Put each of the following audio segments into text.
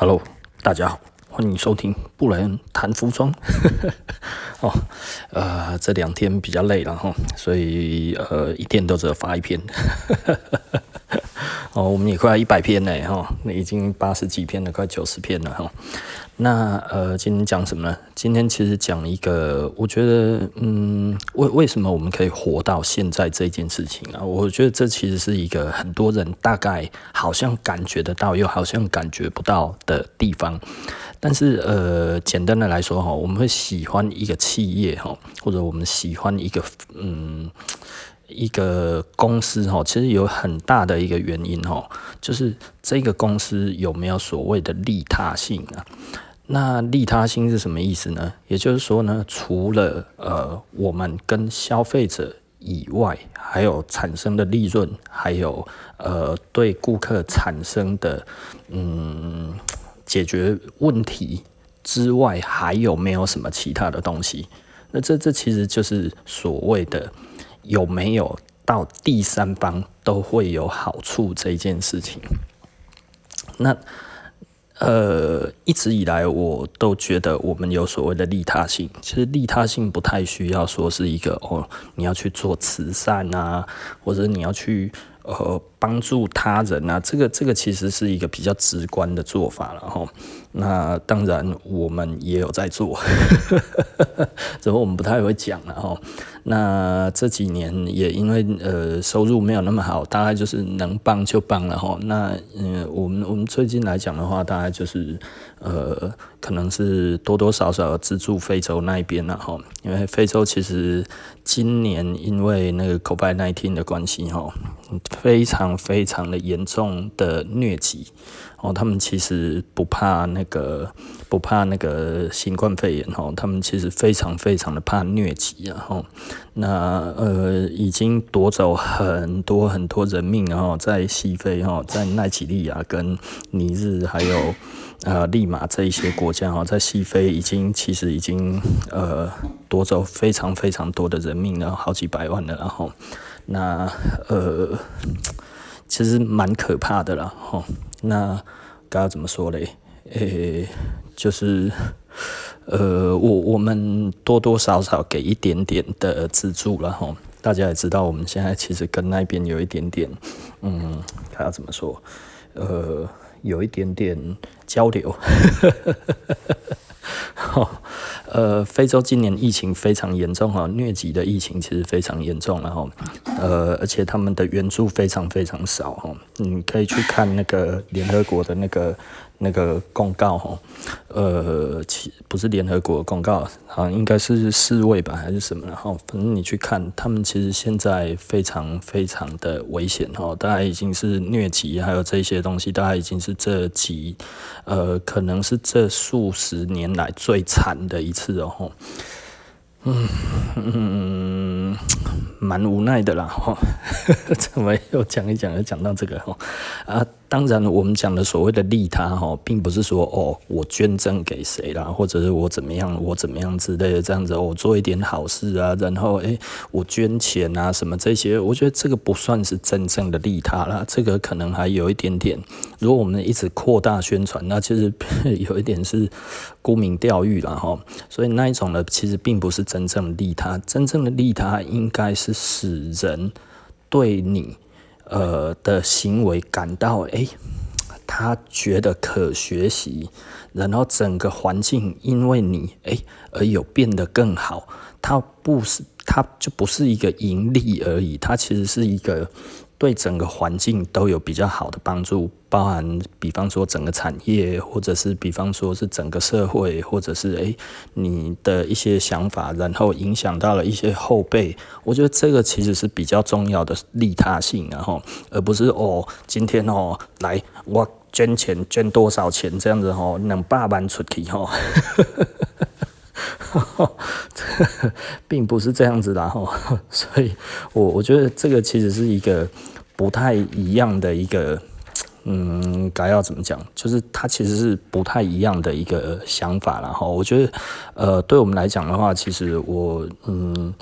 Hello，大家好，歡迎收聽布萊恩談服裝。 哦，呃，這兩天比較累然後、哦、所以呃，一天都只發一篇。 哦，我們也快一百篇嘞，哈，那已經八十幾篇了，快九十篇了，哈。那呃，今天講什麼呢？今天其實講一個，我覺得，嗯，為為什麼我們可以活到現在這件事情啊？我覺得這其實是一個很多人大概好像感覺得到，又好像感覺不到的地方。但是呃，簡單的來說哈，我們會喜歡一個企業哈，或者我們喜歡一個嗯。一個公司哦，其實有很大的一個原因哦，就是這個公司有沒有所謂的利他性啊？那利他性是什麼意思呢？也就是說呢，除了呃，我們跟消費者以外，還有產生的利潤，還有呃，對顧客產生的嗯，解決問題之外，還有沒有什麼其他的東西？那這這其實就是所謂的。有沒有到第三方都會有好處這件事情？那呃，一直以來我都覺得我們有所謂的利他性，其實利他性不太需要說是一個哦，你要去做慈善啊，或者你要去呃幫助他人啊，這個這個其實是一個比較直觀的做法了吼。那當然，我們也有在做，只不過我們不太會講了哈。那這幾年也因為呃收入沒有那麼好，大概就是能幫就幫了哈。那嗯、呃，我們我們最近來講的話，大概就是呃，可能是多多少少資助非洲那一邊了哈。因為非洲其實今年因為那個 COVID 19的關係哈，非常非常的嚴重的瘧疾。哦，他們其實不怕那個，不怕那個新冠肺炎。哦，他們其實非常非常的怕瘧疾啊。吼、哦，那呃，已經奪走很多很多人命。然、哦、後，在西非，哦，在奈及利亞跟尼日，還有呃利馬這一些國家，哦，在西非已經其實已經呃奪走非常非常多的人命了，好幾百萬了。然、哦、後，那呃，其實蠻可怕的了。吼、哦。那，該要怎麼說嘞？誒、欸，就是，呃，我我們多多少少給一點點的資助了，然後大家也知道，我們現在其實跟那邊有一點點，嗯，還要怎麼說？呃，有一點點交流。 哦呃，非洲今年疫情非常嚴重哈，瘧疾的疫情其實非常嚴重，然後，呃，而且他們的援助非常非常少哈，你可以去看那個聯合國的那個。那個公告吼、喔，呃，其不是聯合國公告，好像應該是世衛吧還是什麼？然後，反正你去看，他們其實現在非常非常的危險吼，大概已經是瘧疾，還有這些東西，大概已經是這幾，呃，可能是這數十年來最慘的一次哦、喔。嗯，嗯，蠻無奈的啦吼、喔， 怎麼又講一講又講到這個吼、喔、啊？當然，我們講的所謂的利他哈、哦，並不是說哦，我捐贈給誰啦，或者是我怎麼樣，我怎麼樣之類的這樣子、哦、我做一點好事啊，然後誒，我捐錢啊什麼這些，我覺得這個不算是真正的利他啦，這個可能還有一點點。如果我們一直擴大宣傳，那就是有一點是沽名釣譽啦、哦。哈。所以那一種呢，其實並不是真正的利他，真正的利他應該是使人對你。呃的行為感到哎，他、欸、覺得可學習，然後整個環境因為你哎、欸、而有變得更好，他不是他就不是一個盈利而已，他其實是一個。對整個環境都有比較好的幫助，包含比方說整個產業，或者是比方說是整個社會，或者是誒你的一些想法，然後影響到了一些後輩，我覺得這個其實是比較重要的利他性啊，然後，哦，而不是哦今天哦來我捐錢捐多少錢這樣子哦兩百萬出去哦， 並不是這樣子的吼，哦，所以我我覺得這個其實是一個。不太一樣的一個，嗯，該要怎麼講？就是他其實是不太一樣的一個想法了哈。我覺得，呃，對我們來講的話，其實我，嗯，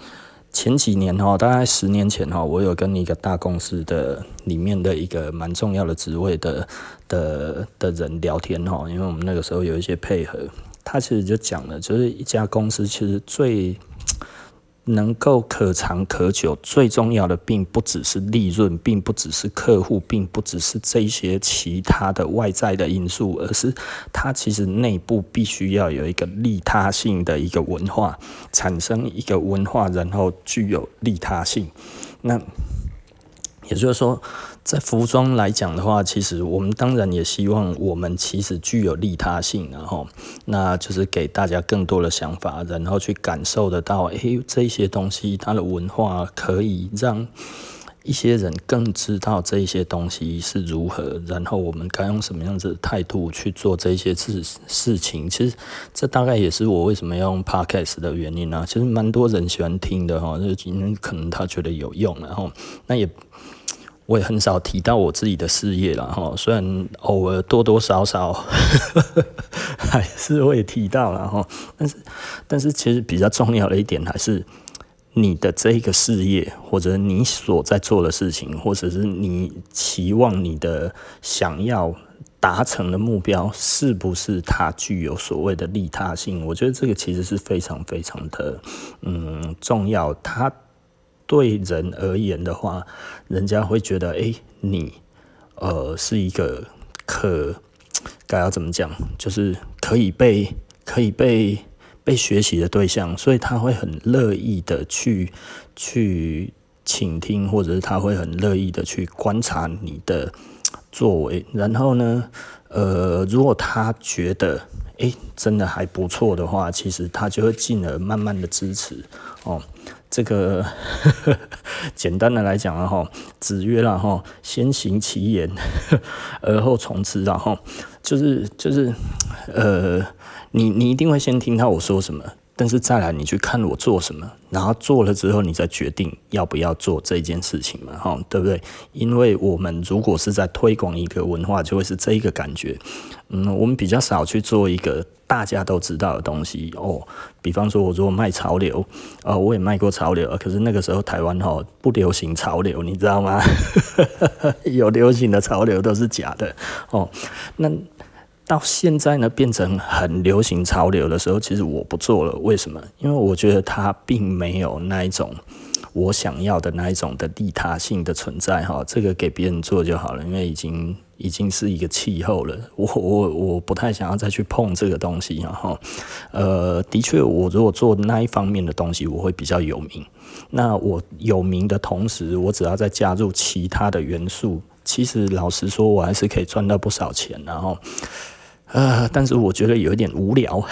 前幾年哈，大概十年前哈，我有跟一個大公司的裡面的一個蠻重要的職位的的的人聊天哈，因為我們那個時候有一些配合，他其實就講了，就是一家公司其實最。能夠可長可久，最重要的並不只是利潤，並不只是客戶，並不只是這些其他的外在的因素，而是它其實內部必須要有一個利他性的一個文化，產生一個文化，然後具有利他性。那也就是說。在服裝來講的話，其實我們當然也希望我們其實具有利他性，啊，然後那就是給大家更多的想法，然後去感受得到，誒、欸，這一些東西它的文化可以讓一些人更知道這一些東西是如何，然後我們該用什麼樣子的態度去做這些事事情。其實這大概也是我為什麼要用 podcast 的原因呢，啊。其實蠻多人喜歡聽的哈，就是今天可能他覺得有用，啊，然後那也。我也很少提到我自己的事業了哈，雖然偶爾多多少少 還是會提到了吼，但是但是其實比較重要的一點還是你的這個事業或者你所在做的事情，或者是你期望你的想要達成的目標，是不是它具有所謂的利他性？我覺得這個其實是非常非常的嗯重要，它。對人而言的話，人家會覺得，哎，你，呃，是一個可，該要怎麼講，就是可以被可以被被學習的對象，所以他會很樂意的去去傾聽，或者是他會很樂意的去觀察你的作為，然後呢，呃，如果他覺得，哎，真的還不錯的話，其實他就會進而慢慢的支持。哦，這個呵呵，簡單的來講啊，哈，子曰了、啊、吼先行其言，呵，而後從之、啊，然後，哦，就是就是，呃，你你一定會先聽到我說什麼。但是再來，你去看我做什麼，然後做了之後，你再決定要不要做這件事情嘛，哈，對不對？因為我們如果是在推廣一個文化，就會是這個感覺。嗯，我們比較少去做一個大家都知道的東西哦。比方說，我如果賣潮流啊、呃，我也賣過潮流，可是那個時候台灣哈不流行潮流，你知道嗎？ 有流行的潮流都是假的哦。那。到現在呢，變成很流行潮流的時候，其實我不做了。為什麼？因為我覺得它並沒有那一種我想要的那一種的利他性的存在哈。這個給別人做就好了，因為已經已經是一個氣候了。我我我不太想要再去碰這個東西，然後，呃，的確，我如果做那一方面的東西，我會比較有名。那我有名的同時，我只要再加入其他的元素，其實老實說，我還是可以賺到不少錢，然後。呃，但是我覺得有一點無聊，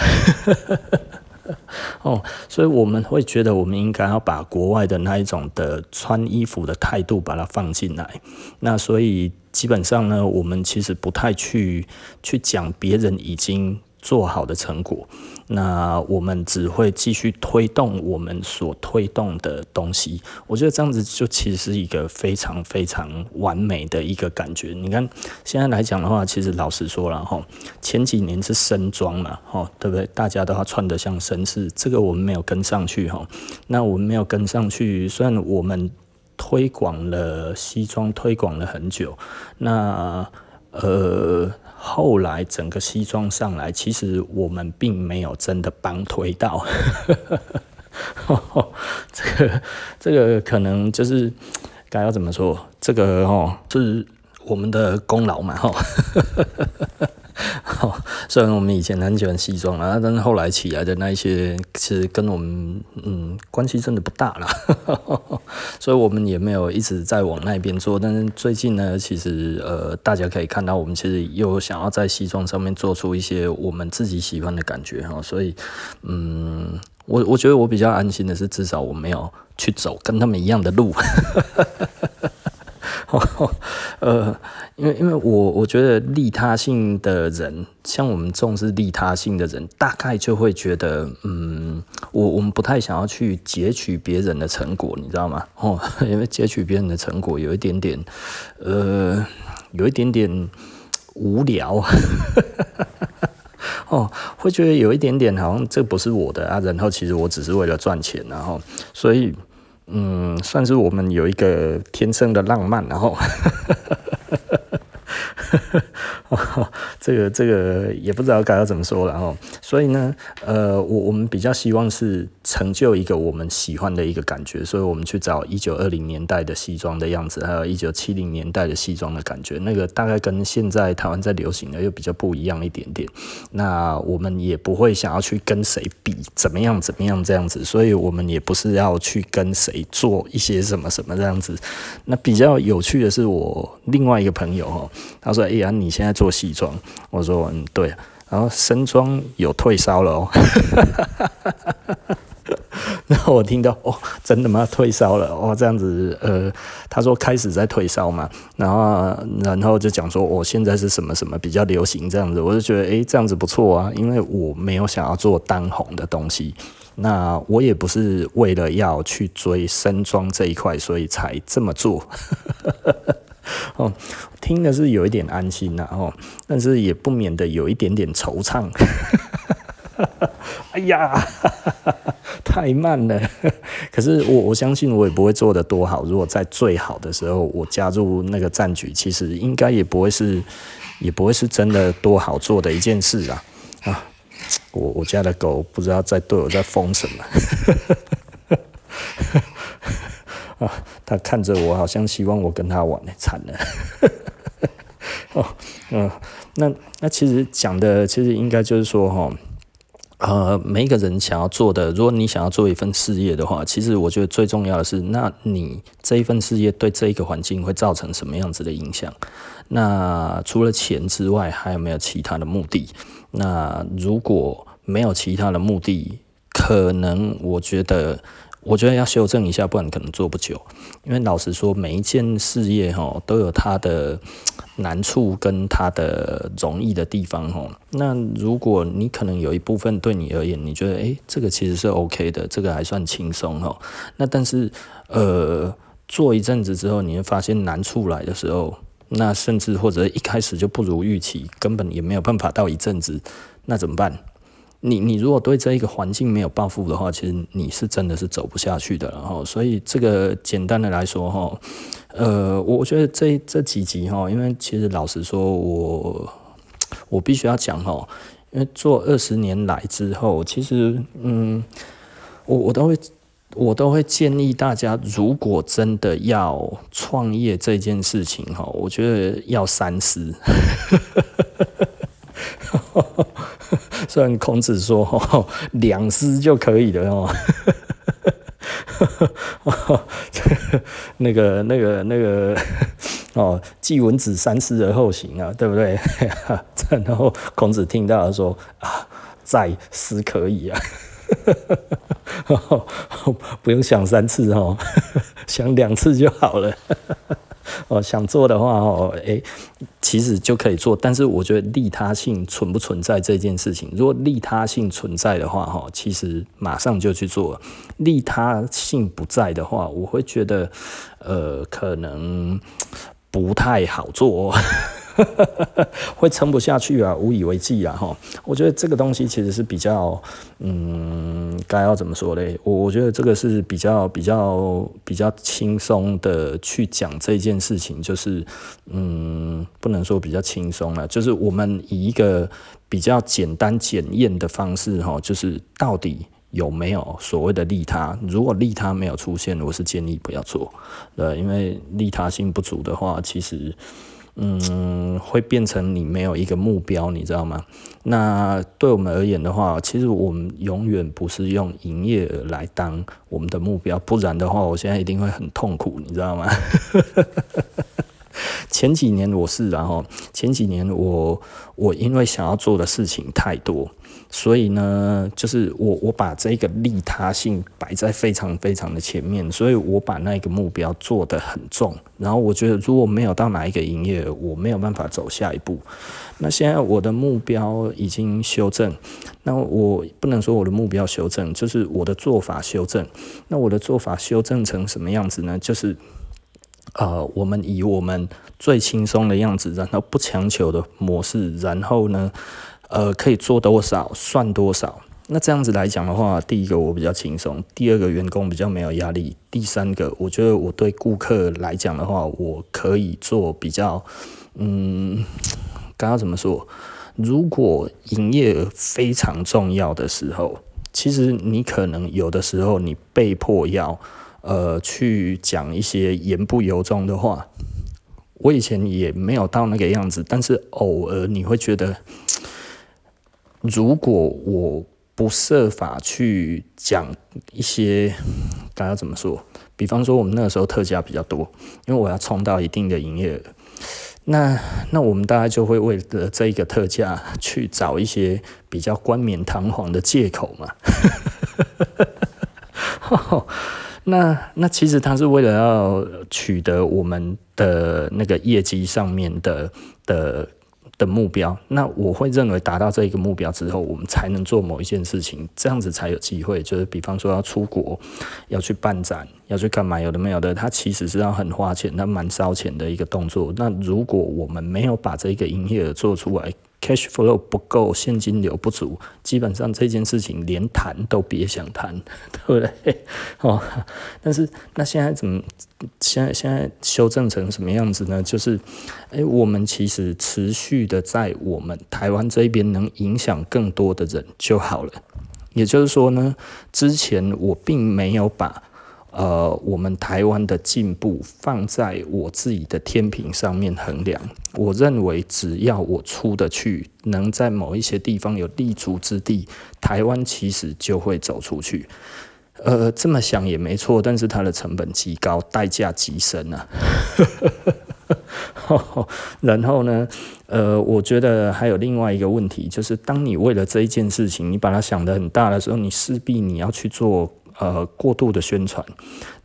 哦，所以我們會覺得我們應該要把國外的那一種的穿衣服的態度把它放進來，那所以基本上呢，我們其實不太去去講別人已經做好的成果，那我們只會繼續推動我們所推動的東西。我覺得這樣子就其實是一個非常非常完美的一個感覺。你看現在來講的話，其實老實說了哈，前幾年是紳裝嘛，對不對？大家都要穿得像紳士，這個我們沒有跟上去，哈。那我們沒有跟上去，雖然我們推廣了西裝，推廣了很久，那呃。後來整個西裝上來，其實我們並沒有真的幫推到， 哦、這個這個可能就是該要怎麼說，這個哈、哦、是我們的功勞嘛，哈。 哦，雖然我們以前很喜歡西裝啊，但是後來起來的那一些，其實跟我們嗯關係真的不大了， 所以我們也沒有一直在往那邊做。但是最近呢，其實呃，大家可以看到，我們其實又想要在西裝上面做出一些我們自己喜歡的感覺哈、哦。所以嗯，我我覺得我比較安心的是，至少我沒有去走跟他們一樣的路，哈、 哦，呃。因為，因為我我覺得利他性的人，像我們重視利他性的人，大概就會覺得，嗯，我我們不太想要去截取別人的成果，你知道嗎？哦，因為截取別人的成果有一點點，呃，有一點點無聊， 哦，會覺得有一點點好像這不是我的啊，然後其實我只是為了賺錢啊，哦，然後所以。嗯，算是我們有一個天生的浪漫，然後。 這個這個也不知道該要怎麼說了，所以呢，呃，我我們比較希望是成就一個我們喜歡的一個感覺，所以我們去找一九二零年代的西裝的樣子，還有一九七零年代的西裝的感覺，那個大概跟現在台灣在流行的又比較不一樣一點點。那我們也不會想要去跟誰比，怎麼樣怎麼樣這樣子，所以我們也不是要去跟誰做一些什麼什麼這樣子。那比較有趣的是我另外一個朋友哦，他說：“哎呀，你現在。”做西裝，我說嗯對，然後身裝有退燒了哦，然 後我聽到哦，真的嗎？退燒了哇、哦，這樣子呃，他說開始在退燒嘛，然後然後就講說我、哦、現在是什麼什麼比較流行這樣子，我就覺得誒，這樣子不錯啊，因為我沒有想要做當紅的東西，那我也不是為了要去追身裝這一塊，所以才這麼做。 哦，聽的是有一點安心吶、啊，哦，但是也不免得有一點點惆悵。 哎呀，太慢了。可是我我相信我也不會做得多好。如果在最好的時候我加入那個戰局，其實應該也不會是，也不會是真的多好做的一件事啊。啊，我我家的狗不知道在對我在瘋什麼。 啊，他看着我，好像希望我跟他玩呢、欸，慘了。 哦，嗯，那那其實講的，其實應該就是說，哈，呃，每個人想要做的，如果你想要做一份事業的話，其實我覺得最重要的是，那你這一份事業對這一個環境會造成什麼樣子的影響？那除了錢之外，還有沒有其他的目的？那如果沒有其他的目的，可能我覺得。我覺得要修正一下，不然可能做不久。因為老實說，每一件事業吼都有它的難處跟它的容易的地方吼。那如果你可能有一部分對你而言，你覺得哎、欸，這個其實是 OK 的，這個還算輕鬆吼。那但是呃，做一陣子之後，你會發現難處來的時候，那甚至或者一開始就不如預期，根本也沒有辦法到一陣子，那怎麼辦？你你如果對這一個環境沒有抱負的話，其實你是真的是走不下去的。然後，所以這個簡單的來說哈，呃，我覺得這這幾集哈，因為其實老實說我，我我必須要講哈，因為做二十年來之後，其實嗯，我我都會我都會建議大家，如果真的要創業這件事情哈，我覺得要三思。 雖然孔子說：“哦，兩思就可以了哦。 ”那個、那個、那個哦，季文子三思而後行啊，對不對？ 然後孔子聽到說：“啊，再思可以啊， 不用想三次哦，想兩次就好了。”哦，想做的話哦，誒、欸，其實就可以做。但是我覺得利他性存不存在這件事情，如果利他性存在的話，其實馬上就去做；利他性不在的話，我會覺得，呃，可能不太好做哦。 會撐不下去啊，無以為繼啊，哈！我覺得這個東西其實是比較，嗯，該要怎麼說嘞？我我覺得這個是比較、比較、比較輕鬆的去講這件事情，就是，嗯，不能說比較輕鬆了，就是我們以一個比較簡單檢驗的方式，哈，就是到底有沒有所謂的利他？如果利他沒有出現，我是建議不要做，呃，因為利他性不足的話，其實。嗯，會變成你沒有一個目標，你知道嗎？那對我們而言的話，其實我們永遠不是用營業額來當我們的目標，不然的話，我現在一定會很痛苦，你知道嗎？ 前幾年我是，啊，然後前幾年我我因為想要做的事情太多，所以呢，就是我我把這個利他性擺在非常非常的前面，所以我把那個目標做得很重。然後我覺得如果沒有到哪一個營業，我沒有辦法走下一步。那現在我的目標已經修正，那我不能說我的目標修正，就是我的做法修正。那我的做法修正成什麼樣子呢？就是，呃，我們以我們最輕鬆的樣子，然後不強求的模式，然後呢，呃，可以做多少算多少。那這樣子來講的話，第一個我比較輕鬆，第二個員工比較沒有壓力，第三個我覺得我對顧客來講的話，我可以做比較，嗯，剛剛怎麼說？如果營業額非常重要的時候，其實你可能有的時候你被迫要呃，去講一些言不由衷的話。我以前也沒有到那個樣子，但是偶爾你會覺得。如果我不設法去講一些，大家怎麼說？比方說我們那個時候特價比較多，因為我要衝到一定的營業額，那那我們大家就會為了這一個特價去找一些比較冠冕堂皇的借口嘛。 哦，那那其實他是為了要取得我們的那個業績上面的的。的目標，那我會認為達到這一個目標之後，我們才能做某一件事情，這樣子才有機會。就是比方說要出國，要去辦展，要去幹嘛？有的沒有的，它其實是要很花錢，它蠻燒錢的一個動作。那如果我們沒有把這個營業額做出來，cash flow 不夠，現金流不足，基本上這件事情連談都別想談，對不對？哦，但是那現在怎麼？現在現在修正成什麼樣子呢？就是，誒、欸，我們其實持續的在我們台灣這邊能影響更多的人就好了。也就是說呢，之前我並沒有把。呃，我們台灣的進步放在我自己的天平上面衡量，我認為只要我出得去，能在某一些地方有立足之地，台灣其實就會走出去。呃，這麼想也沒錯，但是它的成本極高，代價極深啊。嗯、 然後呢，呃，我覺得還有另外一個問題，就是當你為了這一件事情，你把它想得很大的時候，你勢必你要去做。呃，過度的宣傳，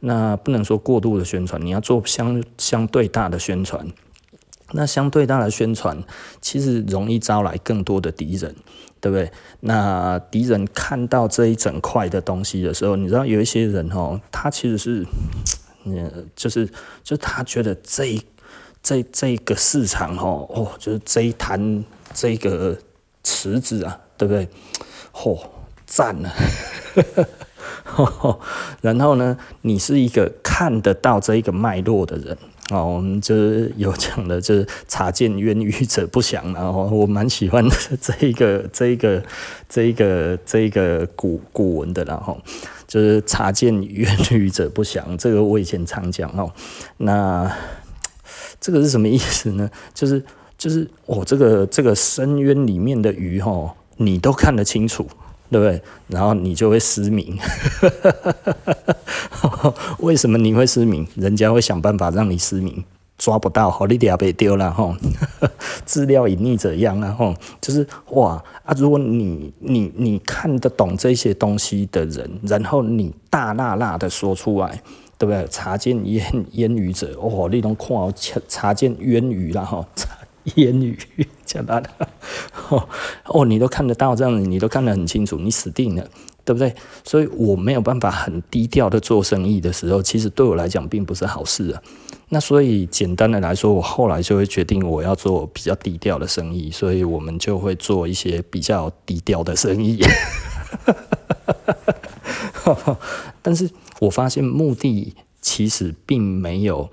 那不能說過度的宣傳，你要做相相對大的宣傳，那相對大的宣傳，其實容易招來更多的敵人，對不對？那敵人看到這一整塊的東西的時候，你知道有一些人哦，他其實是，嗯，就是就他覺得這一這這一個市場哦，哦，就是這一攤這一個池子啊，對不對？吼贊了。 哦、然後呢，你是一個看得到這一個脈絡的人，我們、哦、就是有講的，就是“察見淵魚者不祥，然後我蠻喜歡這一個、這一個、這一個、這一、個這個古古文的啦，然、哦、後就是“察見淵魚者不祥，這個我以前常講哦。那這個是什麼意思呢？就是就是我、哦、這個這個深淵裡面的魚、哦、你都看得清楚。對不對？然後你就會失明。 為什麼你會失明？人家會想辦法讓你失明，抓不到，好，你掉被丟了哈。資、哦、料隱匿者一樣啦、啊、哈、哦，就是哇啊！如果你你你看得懂這些東西的人，然後你大剌剌的說出來，對不對？查見言言語者哦，你能看到查見言語了哈。言語講單的，哦，你都看得到這樣子，你都看得很清楚，你死定了，對不對？所以我沒有辦法很低調的做生意的時候，其實對我來講並不是好事啊。那所以簡單的來說，我後來就會決定我要做比較低調的生意，所以我們就會做一些比較低調的生意。哈哈哈！但是我發現目的其實並沒有。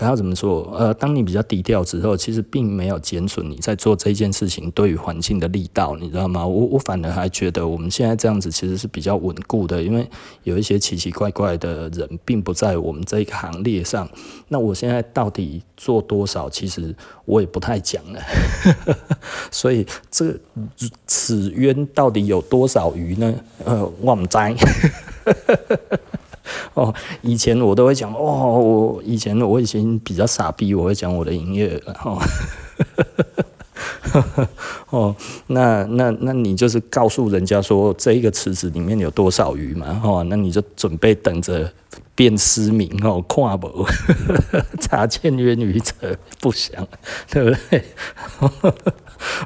他要怎麼說？呃，當你比較低調之後，其實並沒有減損你在做這件事情對於環境的力道，你知道嗎？我我反而還覺得我們現在這樣子其實是比較穩固的，因為有一些奇奇怪怪的人並不在我們這一個行列上。那我現在到底做多少？其實我也不太講了。 所以這此淵到底有多少魚呢？呃，我唔知。 哦，以前我都會講，哦，我以前我以前比較傻逼，我會講我的營業額。然、哦、後， 哦，那那那你就是告訴人家說這一個池子裡面有多少魚嘛，哈、哦，那你就準備等着變失明哦，看不， 察見淵魚者不祥，對不對？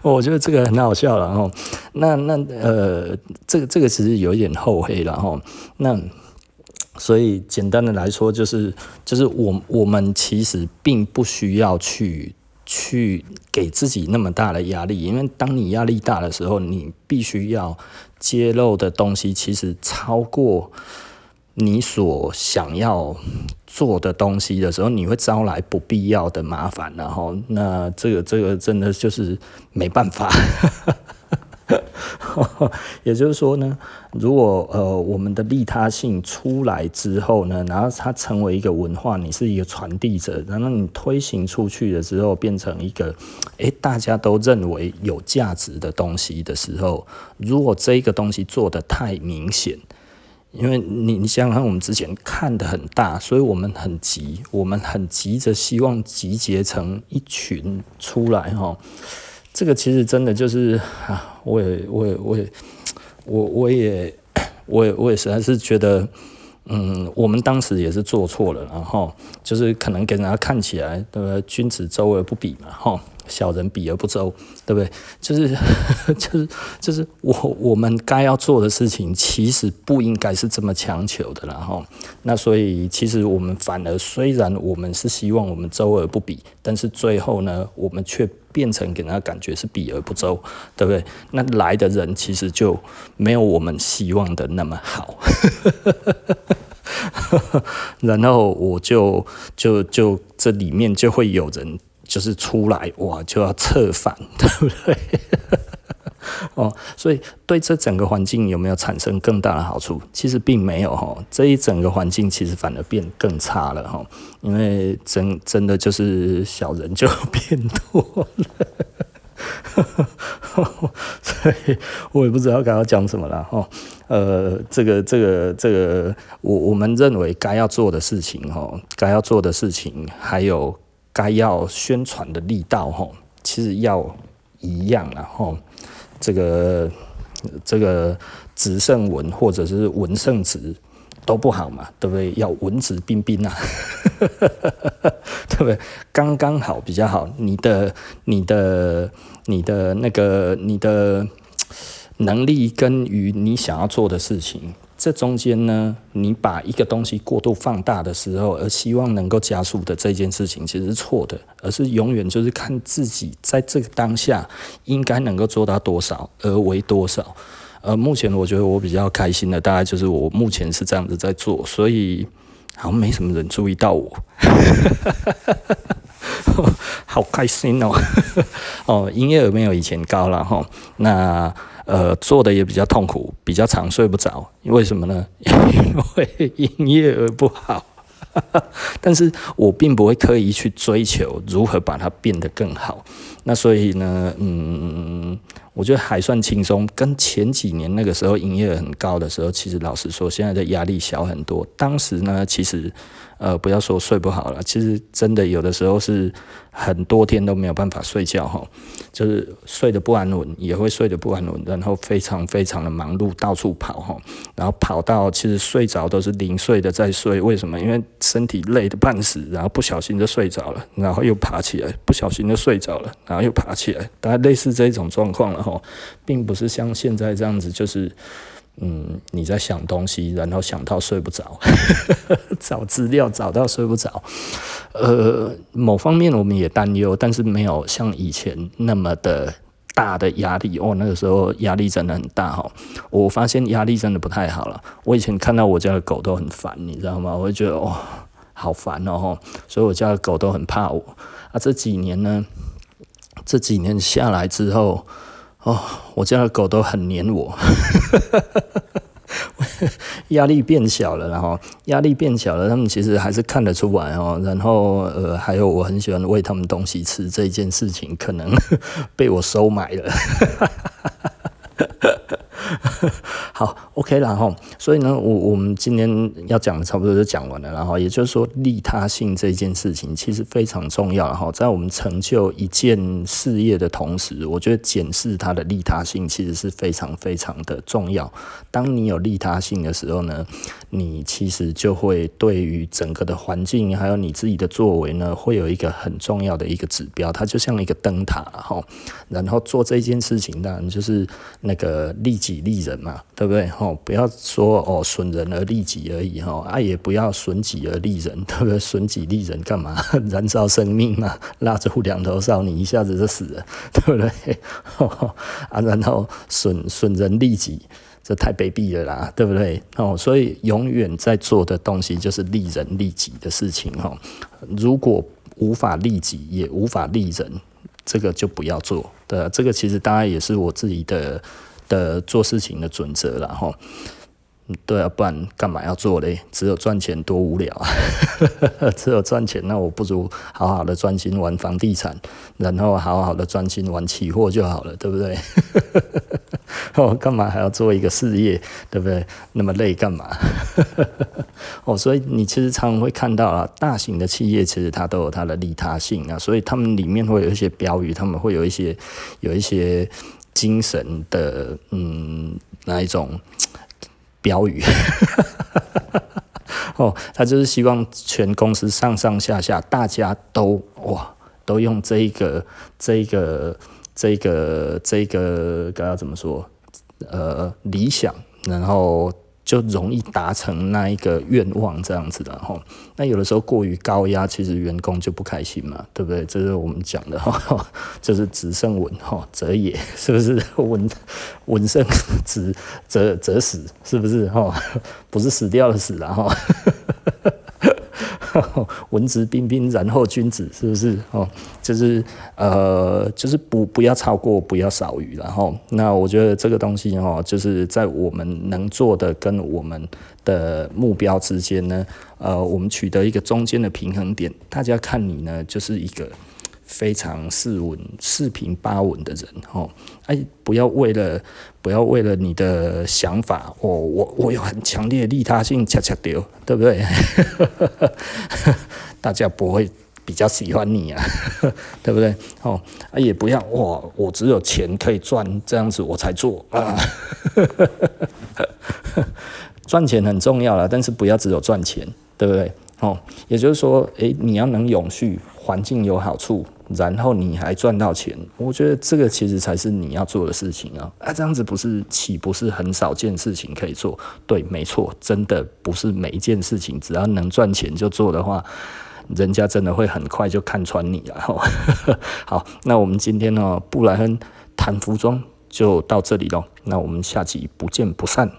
哦、我覺得這個很好笑，然、哦、後，那那呃，這個這個其實有點厚黑了，哈、哦，那。所以，簡單的來說，就是，就是就是我我們其實並不需要去去給自己那麼大的壓力，因為當你壓力大的時候，你必須要揭露的東西，其實超過你所想要做的東西的時候，你會招來不必要的麻煩。然後，那這個這個真的就是沒辦法。 也就是說呢，如果呃我們的利他性出來之後呢，然後它成為一個文化，你是一個傳遞者，然後你推行出去的時候變成一個誒，大家都認為有價值的東西的時候，如果這個東西做得太明顯，因為你你想想看我們之前看得很大，所以我們很急，我們很急着希望集結成一群出來哈、哦。這個其實真的就是啊，我也我也我也，我也我也我也我也實在是覺得，嗯，我們當時也是做錯了，然後就是可能給人家看起來，對吧？君子周而不比嘛，哈。小人比而不周，對不對？就是就是就是我我們該要做的事情，其實不應該是這麼強求的，然後那所以其實我們反而雖然我們是希望我們周而不比，但是最後呢，我們卻變成給人感覺是比而不周，對不對？那來的人其實就沒有我們希望的那麼好， 然後我就就就這裡面就會有人。就是出來哇，就要策反，對不對？ 哦，所以對這整個環境有沒有產生更大的好處？其實並沒有哈、哦，這一整個環境其實反而變更差了哈、哦，因為真真的就是小人就變多了， 所以我也不知道該要講什麼了哈、哦。呃，這個這個這個，我我們認為該要做的事情哈、哦，該要做的事情還有。該要宣傳的力道吼，其實要一樣啊吼，這個這個質勝文或者是文勝質都不好嘛，對不對？要文質彬彬啊， 對不對？剛剛好比較好，你的你的你的那個你的能力跟於你想要做的事情。這中間呢，你把一個東西過度放大的時候，而希望能夠加速的這件事情，其實是錯的，而是永遠就是看自己在這個當下應該能夠做到多少，而為多少。而、呃、目前我覺得我比較開心的，大概就是我目前是這樣子在做，所以好像沒什麼人注意到我。 好開心、喔、 哦！哦，營業額沒有以前高了哈。那呃，做的也比較痛苦，比較常睡不着。為什麼呢？ 因為營業額不好。 但是，我並不會刻意去追求如何把它變得更好。那所以呢，嗯，我覺得還算輕鬆。跟前幾年那個時候營業額很高的時候，其實老實說，現在的壓力小很多。當時呢，其實。呃，不要說睡不好了，其實真的有的時候是很多天都沒有辦法睡覺哈，就是睡得不安穩，也會睡得不安穩，然後非常非常的忙碌，到處跑哈，然後跑到其實睡着都是零碎的在睡，為什麼？因為身體累得半死，然後不小心就睡着了，然後又爬起來，不小心就睡着了，然後又爬起來，大概類似這種狀況了哈，並不是像現在這樣子就是。嗯，你在想東西，然後想到睡不着， 找資料找到睡不着。呃，某方面我們也擔憂，但是沒有像以前那麼的大的壓力。哦，那個時候壓力真的很大哦，我發現壓力真的不太好了。我以前看到我家的狗都很煩，你知道嗎？我就覺得哦，好煩哦。哦，所以我家的狗都很怕我。啊，這幾年呢，這幾年下來之後。哦，我家的狗都很黏我， 壓力變小了，然後壓力變小了，他們其實還是看得出來哦。然後，呃，還有我很喜歡餵他們東西吃這件事情，可能被我收買了。 好。OK，然後，所以呢，我我們今天要講的差不多就講完了，然後也就是說，利他性這件事情其實非常重要，然後在我們成就一件事業的同時，我覺得檢視它的利他性其實是非常非常的重要。當你有利他性的時候呢，你其實就會對於整個的環境還有你自己的作為呢，會有一個很重要的一個指標，它就像一個燈塔，然後做這件事情當然就是那個利己利人嘛，對不對？哦，不要說哦，損人而利己而已哈、哦，啊，也不要損己而利人，對不對？損己利人幹嘛？燃燒生命嘛、啊，蠟燭兩頭燒，你一下子就死了，對不對？哦、啊，然後損損人利己，這太卑鄙了啦，對不對？哦，所以永遠在做的東西就是利人利己的事情哈、哦。如果無法利己，也無法利人，這個就不要做。對、啊、這個其實當然也是我自己的。呃，做事情的準則，然後對啊，不然幹嘛要做嘞？只有賺錢多無聊啊！ 只有賺錢，那我不如好好的專心玩房地產，然後好好的專心玩期貨就好了，對不對？我、 哦、幹嘛還要做一個事業，對不對？那麼累幹嘛？ 哦，所以你其實常常會看到啊，大型的企業其實它都有它的利他性啊，所以他們裡面會有一些標語，他們會有一些有一些。精神的嗯，那一種標語， 哦，他就是希望全公司上上下下大家都哇，都用這個、這個、這個、這個該要怎麼說？呃，理想，然後。就容易達成那一個願望，這樣子的吼。那有的時候過於高壓，其實員工就不開心嘛，對不對？這是我們講的哈，就是質“質勝文”哈，則野，是不是？文文勝質，則則史，是不是哈？不是死掉了，死了哈。 文質 彬彬，然後君子，是不是？哦，就是呃，就是不不要超過，不要少於，然後，哦，那我覺得這個東西哦，就是在我們能做的跟我們的目標之間呢，呃，我們取得一個中間的平衡點。大家看你呢，就是一個。非常四穩四平八穩的人哦，哎，不要為了不要為了你的想法，哦、我我我有很強烈的利他性，恰恰丟對不對？ 大家不會比較喜歡你啊，對不對？哦，啊、哎，也不要哇、哦，我只有錢可以賺，這樣子我才做啊。 賺錢很重要啦，但是不要只有賺錢，對不對？哦，也就是說，哎，你要能永續，環境有好處。然後你還賺到錢，我覺得這個其實才是你要做的事情啊！啊，這樣子不是豈不是很少件事情可以做？對，沒錯，真的不是每一件事情，只要能賺錢就做的話，人家真的會很快就看穿你了、啊。 好，那我們今天呢、哦，布萊恩談服裝就到這裡嘍。那我們下集不見不散。